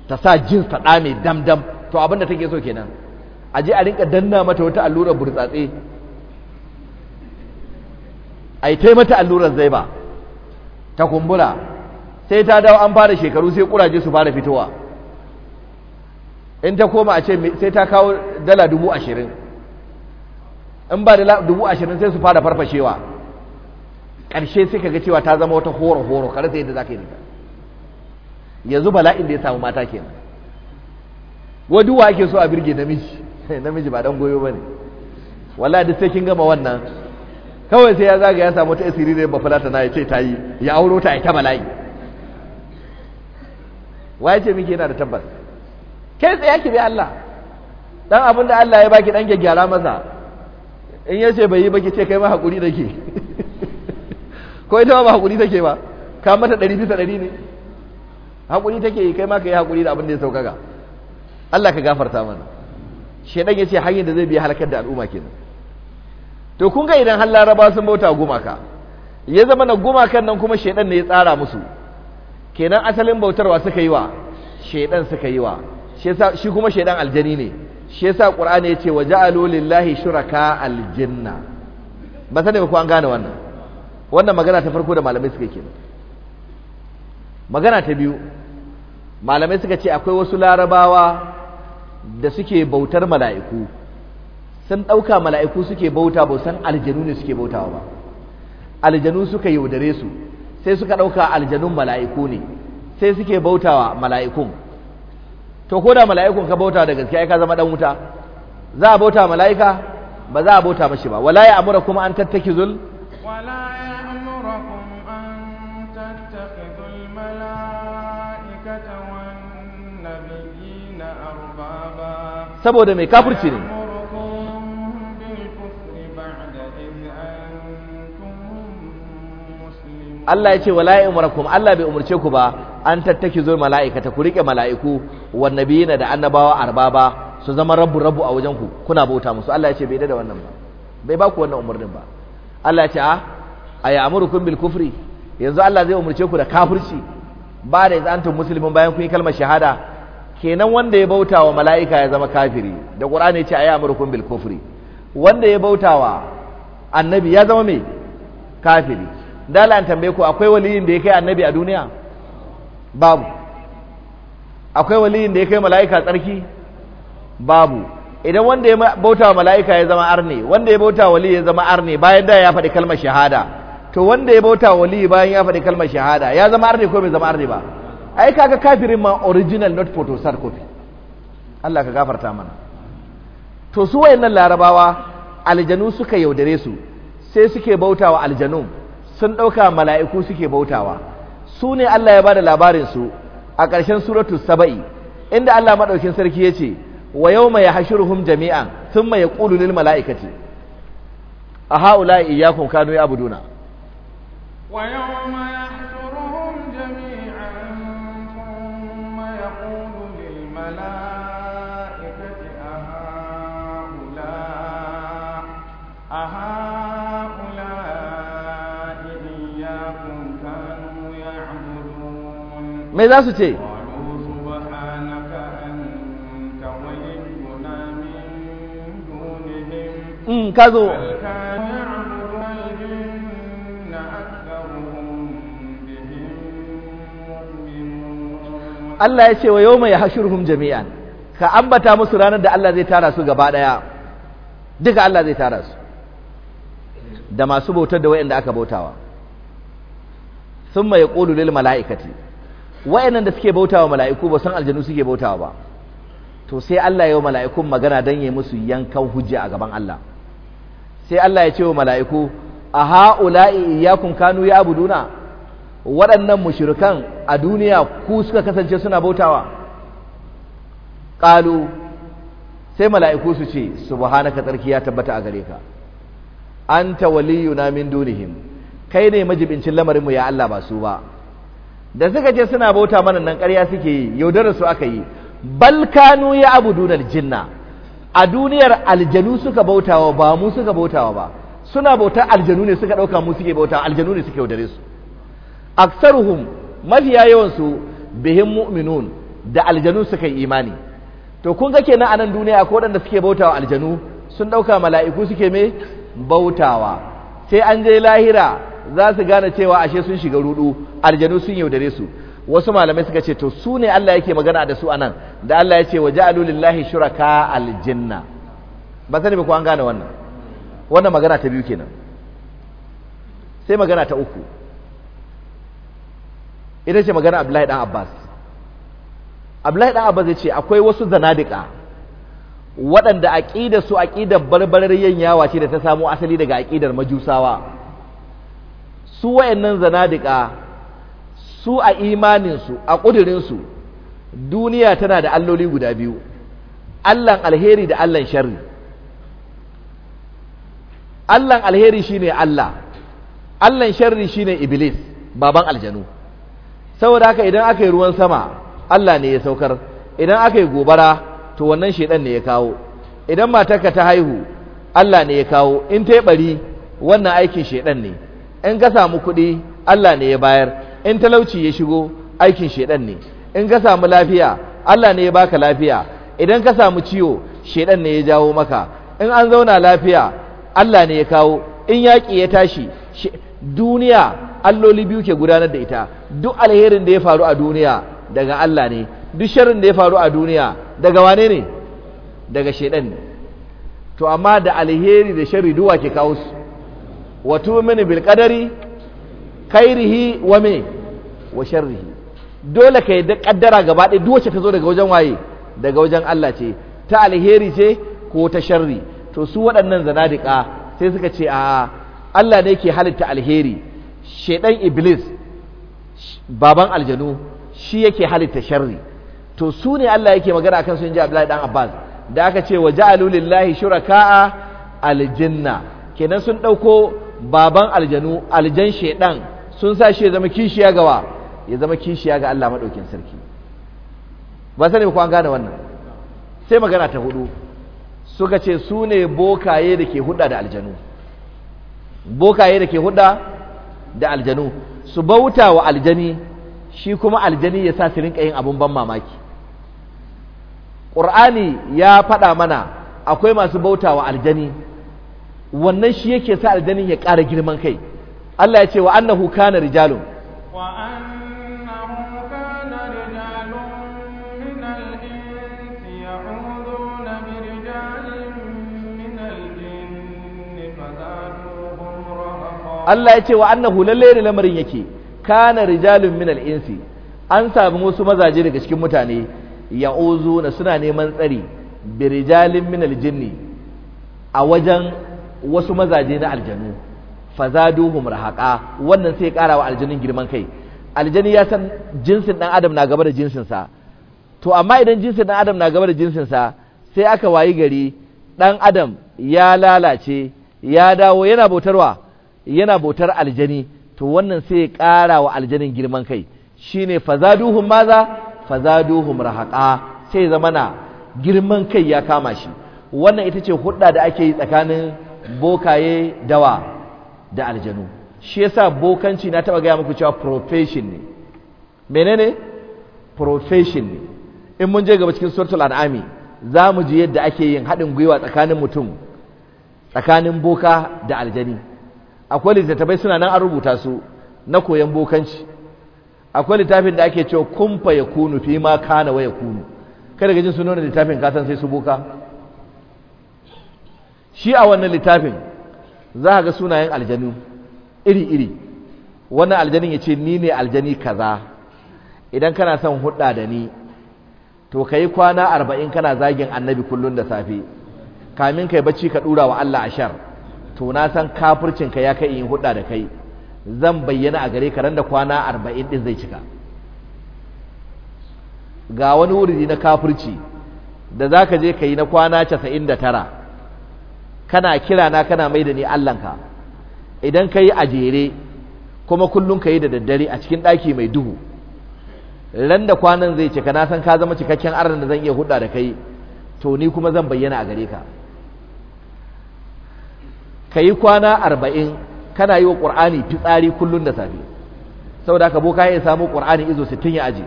ta sa jin ta ɗame damdam to abinda take so kenan a je a rinka danna mata wata allurar burtsatse a yi taimata allurar zai ba ta kumbura sai ta dawo an fara shekaru sai kuraje su fara fitowa in ta koma a ce sai ta kawo dala dubu ashirin in ba dala dubu ashirin sai su fara farfashewa ƙarshe sai ka ga cewa ta zama wata horo-horo kare sai yadda za ka yi nika yanzu bala'in da ya samu mata kenan wa ake so a birge namiji namiji ba dan goyo ba ne wala duk sai kin gama wannan kawai sai ya zaga ya samu ta asiri da ba fulata na ya ce ta yi ya auro ta ya ta bala'i waye ce miki yana da tabbas kai tsaya ki bi Allah dan abin da Allah ya baki dan gyaggyara maza in yace bai yi baki ce kai ma hakuri dake ko ita ba hakuri take ba ka mata 100 bisa 100 ne hakuri take yi kai ma kai hakuri da abin da ya sauka ga Allah ka gafarta mana shedan yace hanyar da zai biya halakar da al'umma kenan to kun ga idan har laraba sun bauta gumaka ya zama na gumakan nan kuma shaidan ne ya tsara musu kenan asalin bautarwa suka yi wa shaidan suka yi wa shi kuma shaidan aljani ne shi yasa qur'ani yace wa ja'alu lillahi shuraka aljanna ba sai ba ku an gane wannan wannan magana ta farko da malamai suka kenan magana ta biyu malamai suka ce akwai wasu larabawa da suke bautar mala'iku sun ɗauka mala'iku suke bauta ba san aljanu ne suke bautawa ba aljanu suka yaudare su sai suka ɗauka aljanun mala'iku ne sai suke bautawa mala'ikun to ko da mala'ikun ka bauta da gaskiya ka zama ɗan wuta za a bauta mala'ika ba za a bauta mashi ba wala ya amura kuma an tattaki zul saboda mai kafirci ne Allah ya ce wala ya'murukum Allah bai umurce ku ba an tattaki zo ta ku rike mala'iku wan nabiyina da annabawa arbaba su zama rabbu rabbu a wajen ku kuna bauta musu Allah ya ce bai da wannan ba bai ba ku wannan umurnin ba Allah ya ce a ah, ay'amurukum bil kufri yanzu Allah zai umurce ku da kafirci ba da yanzu antum muslimin bayan kun yi kalmar shahada kenan wanda ya bauta wa mala'ika ya zama kafiri da qur'ani ya ce ay'amurukum bil kufri wanda ya bauta wa annabi ya zama mai kafiri dala an tambaye ku akwai waliyin da ya kai annabi a duniya babu akwai waliyin da ya kai mala'ika tsarki babu idan wanda ya bauta mala'ika ya zama arne wanda ya bauta wali ya zama arne bayan da ya faɗi kalmar shahada to wanda ya bauta wali bayan ya faɗi kalmar shahada ya zama arne ko bai zama arne ba ai kaga kafirin ma original not photo sar copy Allah ka gafarta mana to su wayannan larabawa aljanu suka yaudare su sai suke bautawa aljanu sun ɗauka mala'iku suke bautawa su ne Allah ya ba da labarinsu a ƙarshen suratu saba'i inda Allah maɗaukin sarki ya ce wa yau mai hashiruhum jami'an sun mai ƙulu lil mala'ikati a ha'ula iyakun kanu ya abuduna wa yau me za su ce mm, ka zo Allah ya ce wa yau mai hashirhum jami'an ka ambata musu ranar da Allah zai tara su gaba ɗaya duka Allah zai tara su da masu bautar da waɗanda aka bautawa sun mai ƙolu lil mala'ikati wayannan da suke bautawa mala'iku ba san aljanu suke bautawa ba to sai Allah ya yi mala'ikun magana dan ya musu yankan hujja a gaban Allah sai Allah ya ce wa mala'iku a ha'ula'i iyakun kanu ya abuduna waɗannan mushrikan a duniya ku suka kasance suna bautawa ƙalu sai mala'iku su ce subhanaka tsarki ya tabbata a gare ka anta waliyuna min dunihim kai ne majibincin lamarinmu ya Allah ba su ba da suka je suna bauta mana nan ƙarya suke yi yaudarar su aka yi balkanu ya abu dunar jinna a duniyar aljanu suka bautawa ba mu suka bautawa ba suna bautar aljanu ne suka ɗauka mu suke bauta aljanu ne suke yaudare su aksaruhum mafiya yawansu bihin mu'minun da aljanu suka yi imani to kun ga kenan a nan duniya ko waɗanda suke bautawa aljanu sun ɗauka mala'iku suke me bautawa sai an je lahira za su gane cewa ashe sun shiga rudu aljanu sun yaudare su wasu malamai suka ce to su ne Allah yake magana da su anan da Allah ya ce wa ja'alu lillahi shuraka aljinna ba sani ba ko an gane wannan wannan magana ta biyu kenan sai magana ta uku ita ce magana Abdullahi dan Abbas Abdullahi dan Abbas ya ce akwai wasu zanadika waɗanda aƙidar su aƙidar barbarar yawa ce da ta samo asali daga aƙidar majusawa su wayannan zanadika su a imaninsu a ƙudurinsu duniya tana da alloli guda biyu allan alheri da allan sharri allan alheri shine allah allan sharri shine iblis baban aljanu saboda haka idan aka yi ruwan sama allah ne ya saukar idan aka yi gobara to wannan shedan ne ya kawo idan matarka ta haihu allah ne ya kawo in ta yi bari wannan aikin shedan ne in ka samu kuɗi Allah ne ya bayar in talauci ya shigo aikin shedan ne in ka samu lafiya Allah ne ya baka lafiya idan ka samu ciwo shedan ne ya jawo maka in an zauna lafiya Allah ne ya kawo in yaƙi ya tashi duniya alloli biyu ke gudanar da ita duk alherin da ya faru a duniya daga Allah ne duk sharrin da ya faru a duniya daga wane ne daga shedan ne to amma da alheri da sharri duwa ke kawo su wa tu'minu bil qadari wa me wa sharrihi dole ka da kaddara gaba ɗaya duk wacce ta zo daga wajen waye daga wajen Allah ce ta alheri ce ko ta sharri to su waɗannan zanadika sai suka ce a Allah ne ke halitta alheri shedan iblis baban aljanu shi yake halitta sharri to su ne Allah yake magana akan su inji Abdullahi dan Abbas da aka ce wa ja'alu lillahi shuraka'a aljinna kenan sun ɗauko. baban aljanu aljan shedan sun sa shi ya zama kishiya gawa ya zama kishiya ga Allah madaukin sarki ba sani ku an gane wannan sai magana ta hudu suka ce su ne bokaye da ke hudda da aljanu bokaye da ke hudda da aljanu su bauta wa aljani shi kuma aljani ya sa su rinka yin abun ban mamaki ƙur'ani ya faɗa mana akwai masu bauta wa aljani wannan shi yake sa aljanin ya ƙara girman kai Allah ya ce wa annahu kana rijalun Allah ya ce wa annahu lalle ne lamarin yake kana rijalun min al-insi an sami wasu mazaje daga cikin mutane ya'uzuna suna neman tsari bi rijalin min al-jinni a wajen wasu mazaje na aljanu fazaduhum rahaqa wannan sai ya ƙara wa aljanin girman kai aljani ya san jinsin dan adam na gaba da jinsinsa to amma idan jinsin dan adam na gaba da jinsinsa sai aka wayi gari dan adam ya lalace ya dawo yana bautarwa yana bautar aljani to wannan sai ya ƙara wa aljanin girman kai shine fazaduhum maza fazaduhum rahaqa sai zamana girman kai ya kama shi wannan ita ce hudda da ake yi tsakanin bokaye dawa da aljanu shi yasa bokanci na taba gaya muku cewa profession ne menene profession ne in mun je gaba cikin suratul an'ami za mu ji yadda ake yin haɗin gwiwa tsakanin mutum tsakanin boka da aljani akwai littattafai suna nan an rubuta su na koyan bokanci akwai littafin da ake cewa kumfa ya kunu fi ma kana wa kunu kada ga jin sunan littafin kasan sai su boka shi a wannan littafin za ka ga sunayen aljanu iri-iri wannan aljanin ya ce ni ne aljani kaza idan kana son hudda da ni to ka yi kwana arba'in kana zagin annabi kullum da safe kamin kai bacci ka ɗura wa Allah ashar to na san kafircinka ya kai yi hudda da kai zan bayyana a gare ka ran da kwana arba'in ɗin zai cika ga wani wuri na kafirci da za ka je ka yi na kwana casa'in da tara kana kira na kana mai da ni Allahnka idan ka yi a jere kuma kullum ka yi da daddare a cikin ɗaki mai duhu ran da kwanan zai cika na san ka zama cikakken aran da zan iya hudda da kai to ni kuma zan bayyana a gare ka ka yi kwana arba'in kana yi wa ƙur'ani fitsari kullum da safe saboda ka boka ya samu ƙur'ani izo sittin ya aji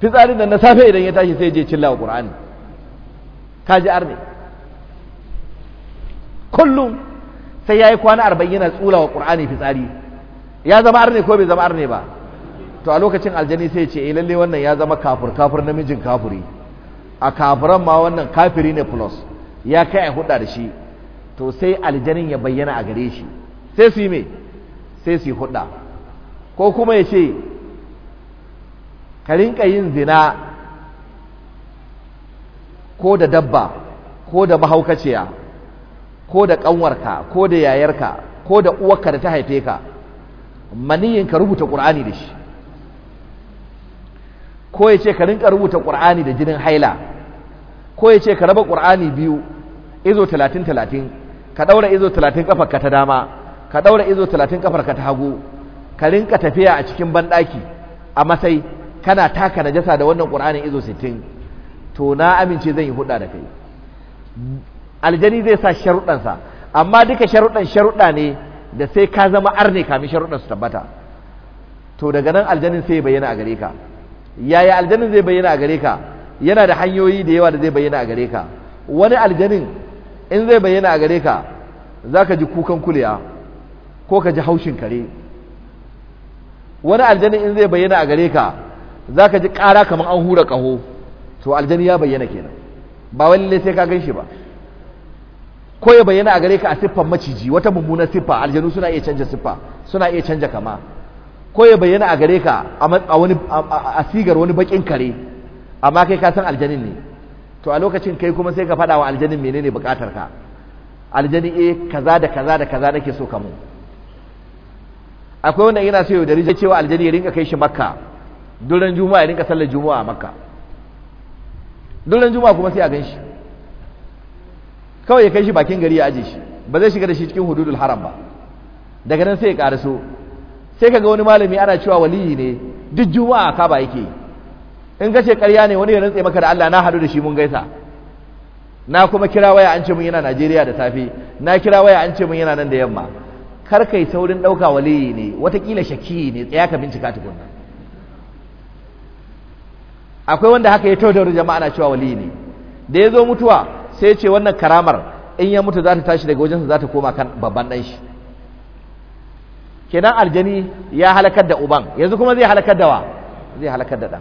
fitsarin da na safe idan ya tashi sai je cilla wa ƙur'ani ka ji arne kullum sai ya yi kwana arba'in yana tsula wa ƙur'ani fitsari ya zama arne ko bai zama arne ba to a lokacin aljani sai ce eh lalle wannan ya zama kafur kafur namijin kafuri a kafuran ma wannan kafiri ne plus ya kai a huda da shi to sai aljanin ya bayyana a gare shi sai su yi me sai su yi huda ko kuma ya ce ka rinka yin zina ko da dabba ko da mahaukaciya ko da ƙanwarka ko da yayarka ko da uwarka da ta haife ka maniyinka rubuta ƙur'ani da shi ko ya ce ka rinka rubuta ƙur'ani da jinin haila ko ya ce ka raba ƙur'ani biyu izo talatin talatin ka ɗaura izo talatin ƙafar ka ta dama ka ɗaura izo talatin ƙafar ka ta hagu ka rinka tafiya a cikin banɗaki a matsayi kana taka najasa da wannan ƙur'anin izo sittin to na amince zan yi huɗa da kai aljani zai sa sharuɗansa amma duka sharuɗan sharuɗa ne da sai ka zama arne kamin sharuɗan su tabbata to daga nan aljanin sai ya bayyana a gare ka yaya aljanin zai bayyana a gare ka yana da hanyoyi da yawa da zai bayyana a gare ka wani aljanin in zai bayyana a gare ka za ka ji kukan kuliya ko ka ji haushin kare wani aljanin in zai bayyana a gare ka za ka ji ƙara kamar an hura ƙaho to aljani ya bayyana kenan ba wani sai ka gan shi ba ko ya bayyana a gare ka a siffan maciji wata mummuna siffa aljanu suna iya canja siffa suna iya canja kama ko ya bayyana a gare ka a wani a sigar wani bakin kare amma kai ka san aljanin ne to a lokacin kai kuma sai ka faɗa wa aljanin menene bukatar ka aljani eh kaza da kaza da kaza nake so ka mu akwai wanda yana so ya dari cewa aljani ya rinka kai shi makka duran juma'a ya rinka sallar juma'a a makka duran juma'a kuma sai a gan shi kawai ya kai shi bakin gari ya aje shi ba zai shiga da shi cikin hududul haram ba daga nan sai ya karaso sai kaga wani malami ana cewa waliyi ne duk juma'a ka ba yake in ka ce ƙarya ne wani ya rantse maka da Allah na hadu da shi mun gaisa na kuma kira waya an ce mun yana Najeriya da safe na kira waya an ce mun yana nan da yamma kar kai saurin ɗauka waliyi ne watakila shaki ne tsaya ka bincika tukunna akwai wanda haka ya taudar jama'a na cewa waliyi ne da ya zo mutuwa sai ce wannan karamar in ya mutu za ta tashi daga wajensa za ta koma kan babban ɗan shi kenan aljani ya halakar da uban yanzu kuma zai halakar da wa zai halakar da ɗan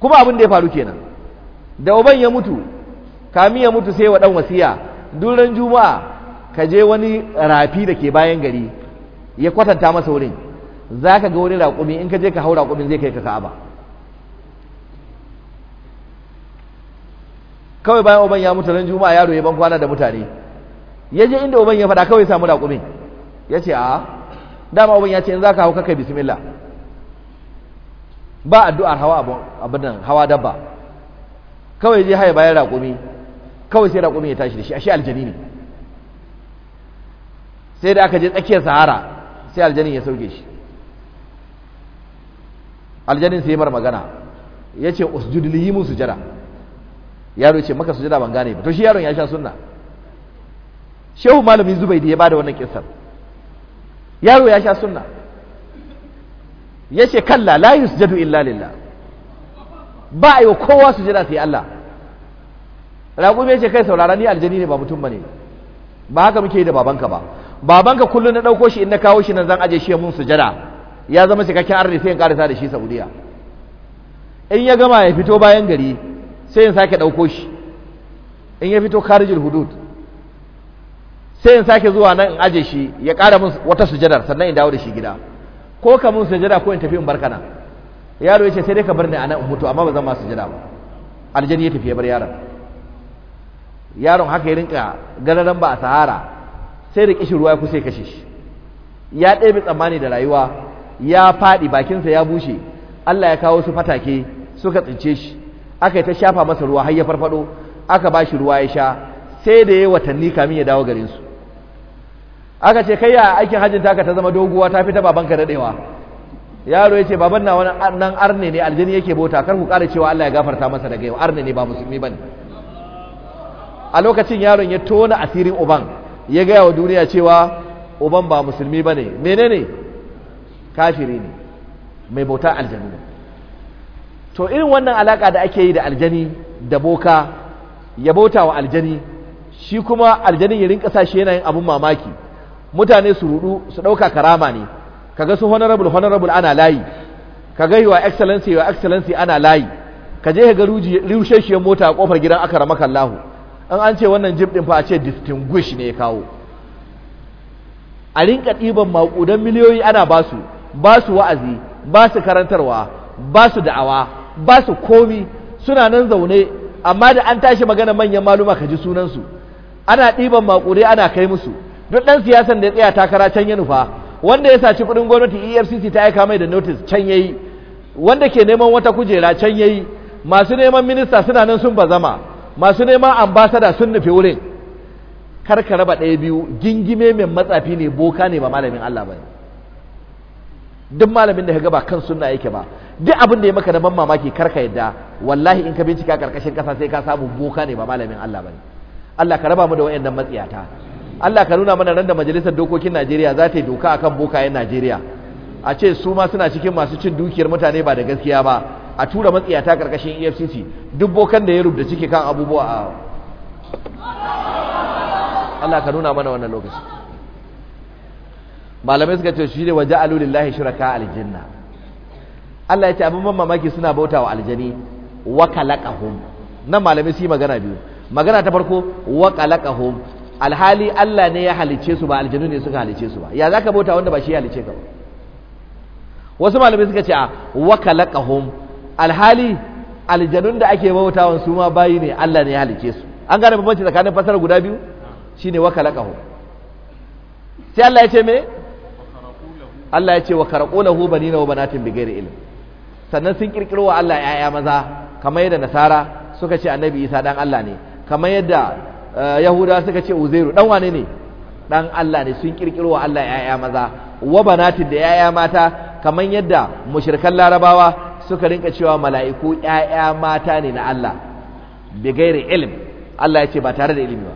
kuma abin da ya faru kenan da uban ya mutu kami ya mutu sai wa ɗan wasiya duran juma'a ka je wani rafi da ke bayan gari ya kwatanta masa wurin za ka ga wani raƙumi in ka je ka hau raƙumin zai kai ka ka'aba kawai bayan uban ya mutu ran juma'a yaro ya ban kwana da mutane ya je inda uban ya faɗa kawai samu raƙumin ya ce a dama uban ya ce in za ka hau kakai bismillah ba addu'ar hawa abin nan hawa dabba kawai je haya bayan raƙumi kawai sai raƙumi ya tashi da shi a shi aljani ne sai da aka je tsakiyar sahara sai aljanin ya sauke shi aljanin sai mar magana ya ce usjud li yi musu jara yaro ce maka sujada ban gane ba to shi yaron ya sha sunna shehu malami zubaidi ya bada wannan kissar yaro ya sha sunna yace kalla la yusjadu illa lillah ba ayo kowa sujada sai Allah me yace kai saurara ni aljani ne ba mutum bane ba haka muke yi da babanka ba babanka kullun na dauko shi in na kawo shi nan zan aje shi mun sujada ya zama cikakken arni sai in karasa da shi Saudiya in ya gama ya fito bayan gari sai in sake ɗauko shi in ya fito karijin hudud sai in sake zuwa nan in aje shi ya ƙara min wata sujadar sannan in dawo da shi gida ko ka min sujada ko in tafi in barkana yaro ya ce sai dai ka bar ni a nan in mutu amma ba zan ma sujada ba aljani ya tafi ya bar yaron yaron haka ya rinka gararan ba a sahara sai da kishin ruwa ya kusa ya kashe shi ya ɗebe tsammani da rayuwa ya faɗi bakinsa ya bushe Allah ya kawo su fatake suka tsince shi aka yi ta shafa masa ruwa har ya farfado aka ba shi ruwa ya sha sai da ya watanni kamin ya dawo garinsu aka ce kai ya aikin hajjin taka ta zama doguwa ta fita babanka daɗewa yaro ya ce baban na wani nan arne ne aljini yake bota kar ku ƙara cewa Allah ya gafarta masa daga yau arne ne ba musulmi bane a lokacin yaron ya tona asirin uban ya gaya wa duniya cewa uban ba musulmi bane menene kafiri ne mai bauta aljanu to irin wannan alaka da ake yi da aljani da boka ya bauta wa aljani shi kuma aljani ya rinka sa shi yana yin abun mamaki mutane su rudu su ɗauka karama ne kaga su honorable honorable ana layi kaga wa excellency wa excellency ana layi Ka ka ga ruji rusheshiyar mota a kofar gidan akara makallahu an an ce wannan jib ɗin fa a ce distinguish ne ya kawo a rinka ɗiban maƙudan miliyoyi ana basu basu wa'azi basu karantarwa basu da'awa ba su komi suna nan zaune amma da an tashi magana manyan maluma ka ji sunansu ana ɗiban maƙure ana kai musu duk ɗan siyasan da ya tsaya takara can ya nufa wanda ya saci kuɗin gwamnati efcc ta aika mai da notice can ya yi wanda ke neman wata kujera can ya yi masu neman minista suna nan sun bazama masu neman ambasada sun nufi wurin kar ka raba ɗaya biyu gingime mai matsafi ne boka ne ba malamin allah ba ne duk malamin da ya ga ba kan sunna yake ba duk abin da ya maka da ban mamaki karka yadda wallahi in ka bincika karkashin kasa sai ka samu boka ne ba malamin Allah bane Allah ka raba mu da wayannan matsiyata Allah ka nuna mana ran da majalisar dokokin Najeriya za ta yi doka akan bokayen Najeriya a ce su ma suna cikin masu cin dukiyar mutane ba da gaskiya ba a tura matsiyata karkashin EFCC duk bokan da ya rubuta ciki kan abubuwa a Allah ka nuna mana wannan lokaci malamai suka ce shi ne waje alulillahi shuraka aljanna Allah ya ce abin ban mamaki suna bauta wa aljani wa kalaqahum nan malamai su yi magana biyu magana ta farko wa kalaqahum alhali Allah ne ya halice su ba aljanu ne suka halice su ba ya zaka bauta wanda ba shi ya halice ka ba wasu malamai suka ce a wa kalaqahum alhali aljanun da ake bautawan su ma bayi ne Allah ne ya halice su an gane bambanci tsakanin fasara guda biyu shine wa kalaqahum sai Allah ya ce me Allah ya ce wa karqu banina wa banatin bighairi ilm sannan sun kirkiro wa Allah yaya maza kamar yadda nasara suka ce annabi isa dan Allah ne kamar yadda eh, yahuda suka ce uzairu dan wane ne dan Allah ne sun kirkiro wa Allah yaya maza wa banatin da yaya mata kamar yadda mushrikan larabawa suka rinka cewa mala'iku yaya mata ne na Allah bi gairi ilm Allah ya ce ba tare da ilimi ba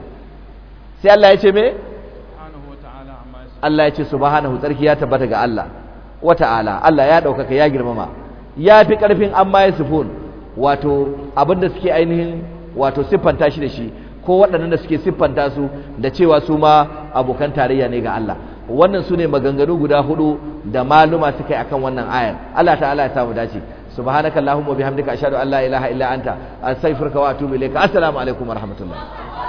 sai Allah ya ce me Allah ya ce subhanahu tsarki ya tabbata ga Allah wa ta'ala Allah ya ɗaukaka ya girmama ya fi ƙarfin amma ya sifun wato abin suke ainihin wato siffanta shi da shi ko waɗannan da suke siffanta su da cewa su ma abokan tarayya ne ga Allah wannan su ne maganganu guda hudu da maluma suka yi akan wannan ayar Allah ta'ala ya samu dace subhanaka allahumma bihamdika ashhadu an la ilaha illa anta astaghfiruka wa atubu assalamu alaikum wa